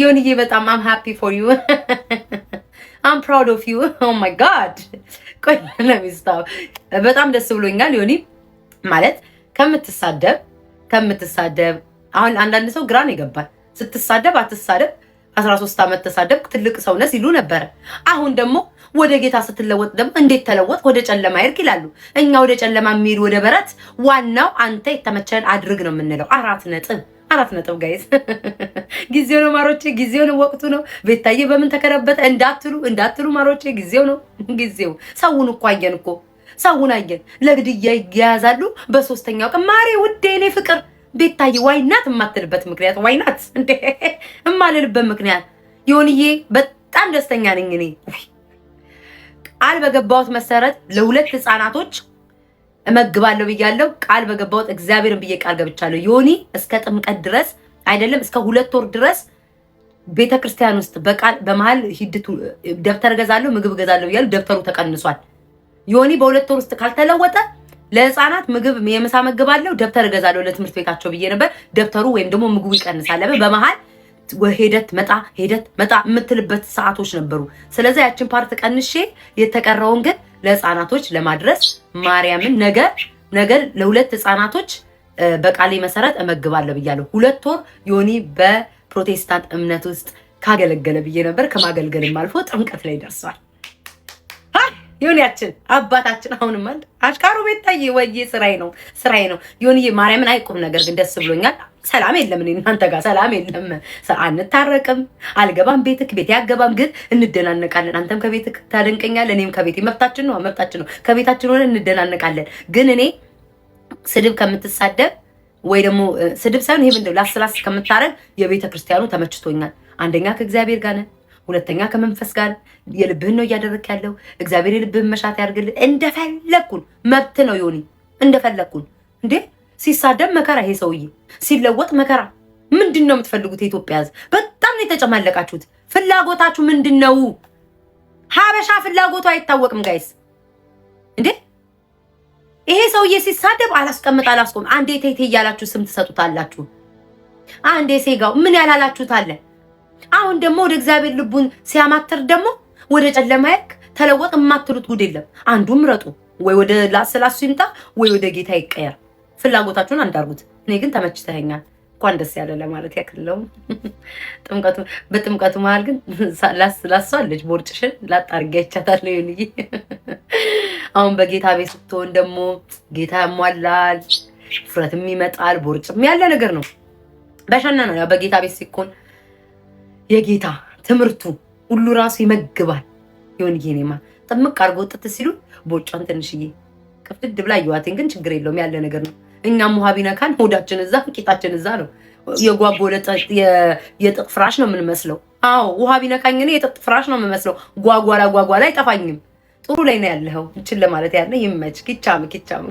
የሆንዬ በጣም አም ሃፒ ፎር ዩ አም ፕራውድ ኦፍ ዩ ኦ ማይ ጋድ ቆይ ለሚስታው በጣም ደስ ብሎኛል። ዮኒ ማለት ከምትሳደብ ከምትሳደብ አሁን አንዳንድ ሰው ግራ ነው ይገባል። ስትሳደብ አትሳደብ 13 ዓመት ተሳደብክ ትልቅ ሰው ነህ ሲሉ ነበር። አሁን ደግሞ ወደ ጌታ ስትለወጥ ደግሞ እንዴት ተለወጥ ወደ ጨለማ ይርክ ይላሉ። እኛ ወደ ጨለማ የሚሄድ ወደ በረት፣ ዋናው አንተ የተመቸን አድርግ ነው የምንለው። አራት ነጥብ አራት ነጥብ ጋይዝ፣ ጊዜው ነው ማሮቼ፣ ጊዜው ነው ወቅቱ ነው። ቤታዬ በምን ተከረበተ እንዳትሉ እንዳትሉ ማሮቼ፣ ጊዜው ነው ጊዜው። ሰውን እኮ አየን እኮ ሰውን አየን። ለግድያ ይያያዛሉ በሶስተኛው ቀን ማሬ ውዴ፣ እኔ ፍቅር ቤታዬ ዋይናት የማትልበት ምክንያት ዋይናት እንዴ የማልልበት ምክንያት የሆንዬ በጣም ደስተኛ ነኝ እኔ ቃል በገባሁት መሰረት ለሁለት ህፃናቶች እመግባለሁ ብያለሁ። ቃል በገባሁት እግዚአብሔርን ብዬ ቃል ገብቻለሁ። ዮኒ እስከ ጥምቀት ድረስ አይደለም እስከ ሁለት ወር ድረስ ቤተ ክርስቲያን ውስጥ በቃል በመሀል ሂድቱ ደብተር እገዛለሁ፣ ምግብ እገዛለሁ ብያለሁ። ደብተሩ ተቀንሷል። ዮኒ በሁለት ወር ውስጥ ካልተለወጠ ለህፃናት ምግብ የምሳ ምግብ አለው ደብተር እገዛለሁ ለትምህርት ቤታቸው ብዬ ነበር። ደብተሩ ወይም ደግሞ ምግቡ ይቀንሳል። በመሀል ሄደት መጣ ሄደት መጣ የምትልበት ሰዓቶች ነበሩ። ስለዚ ያችን ፓርት ቀንሼ የተቀረውን ግን ለህፃናቶች ለማድረስ ማርያምን ነገ ነገ ለሁለት ህፃናቶች በቃሌ መሰረት እመግባለሁ ብያለሁ። ሁለት ወር ዮኒ በፕሮቴስታንት እምነት ውስጥ ካገለገለ ብዬ ነበር። ከማገልገልም አልፎ ጥምቀት ላይ ደርሷል። ዮኒያችን አባታችን አሁንም አንድ አሽካሩ ቤታዬ ወይ ስራዬ ነው ስራዬ ነው ዮኒዬ ማርያምን አይቁም ነገር ግን ደስ ብሎኛል። ሰላም የለም እኔ እናንተ ጋር ሰላም የለም። አንታረቅም፣ አልገባም ቤትክ ቤት ያገባም ግን እንደናነቃለን። አንተም ከቤትክ ታደንቀኛለህ እኔም ከቤቴ መብታችን ነው መብታችን ነው። ከቤታችን ሆነ እንደናነቃለን። ግን እኔ ስድብ ከምትሳደብ ወይ ደግሞ ስድብ ሳይሆን ይሄ ምንድን ላስላስ ከምታረግ የቤተ ክርስቲያኑ ተመችቶኛል። አንደኛ ከእግዚአብሔር ጋር ነን ሁለተኛ ከመንፈስ ጋር የልብህን ነው እያደረክ ያለው። እግዚአብሔር የልብህን መሻት ያድርግልህ። እንደፈለግኩን መብት ነው ዮኒ፣ እንደፈለግኩን እንዴ። ሲሳደብ መከራ ይሄ ሰውዬ ሲለወጥ መከራ። ምንድን ነው የምትፈልጉት? የኢትዮጵያ ህዝብ በጣም ነው የተጨማለቃችሁት። ፍላጎታችሁ ምንድን ነው? ሀበሻ ፍላጎቱ አይታወቅም ጋይስ እንዴ። ይሄ ሰውዬ ሲሳደብ አላስቀምጥ አላስቆም። አንዴ ቴቴ እያላችሁ ስም ትሰጡታላችሁ። አንዴ ሴጋው ምን ያላላችሁት አለ አሁን ደግሞ ወደ እግዚአብሔር ልቡን ሲያማትር ደግሞ ወደ ጨለማ ያልክ ተለወጥ የማትሉት ጉድ የለም። አንዱ ምረጡ፣ ወይ ወደ ላስላሱ ይምጣ፣ ወይ ወደ ጌታ ይቀየር። ፍላጎታችሁን አንዳርጉት። እኔ ግን ተመችተኛል። እንኳን ደስ ያለ ለማለት ያክልለው። ጥምቀቱ በጥምቀቱ መሀል ግን ላስላሷለች ቦርጭሽን ላጣርጌ ይቻታለ ይሁን። አሁን በጌታ ቤት ስትሆን ደግሞ ጌታ ያሟላል፣ ፍረትም ይመጣል፣ ቦርጭም ያለ ነገር ነው። በሸና ነው በጌታ ቤት ሲኮን የጌታ ትምህርቱ ሁሉ ራሱ ይመግባል። ይሁን ጌኔማ ጥምቅ አርጎ ጥጥ ሲሉ ቦጫን ትንሽዬ ቅፍድድ ብላ እየዋቴን፣ ግን ችግር የለውም ያለ ነገር ነው። እኛም ውሃ ቢነካን ሆዳችን እዛ ቂጣችን እዛ ነው። የጓጎለ የጥጥ ፍራሽ ነው የምንመስለው። አዎ ውሃ ቢነካኝ እኔ የጥጥ ፍራሽ ነው የምመስለው። ጓጓላ ጓጓላ አይጠፋኝም። ጥሩ ላይ ነው ያለኸው። እችን ለማለት ያለ ይመች ኪቻም ኪቻም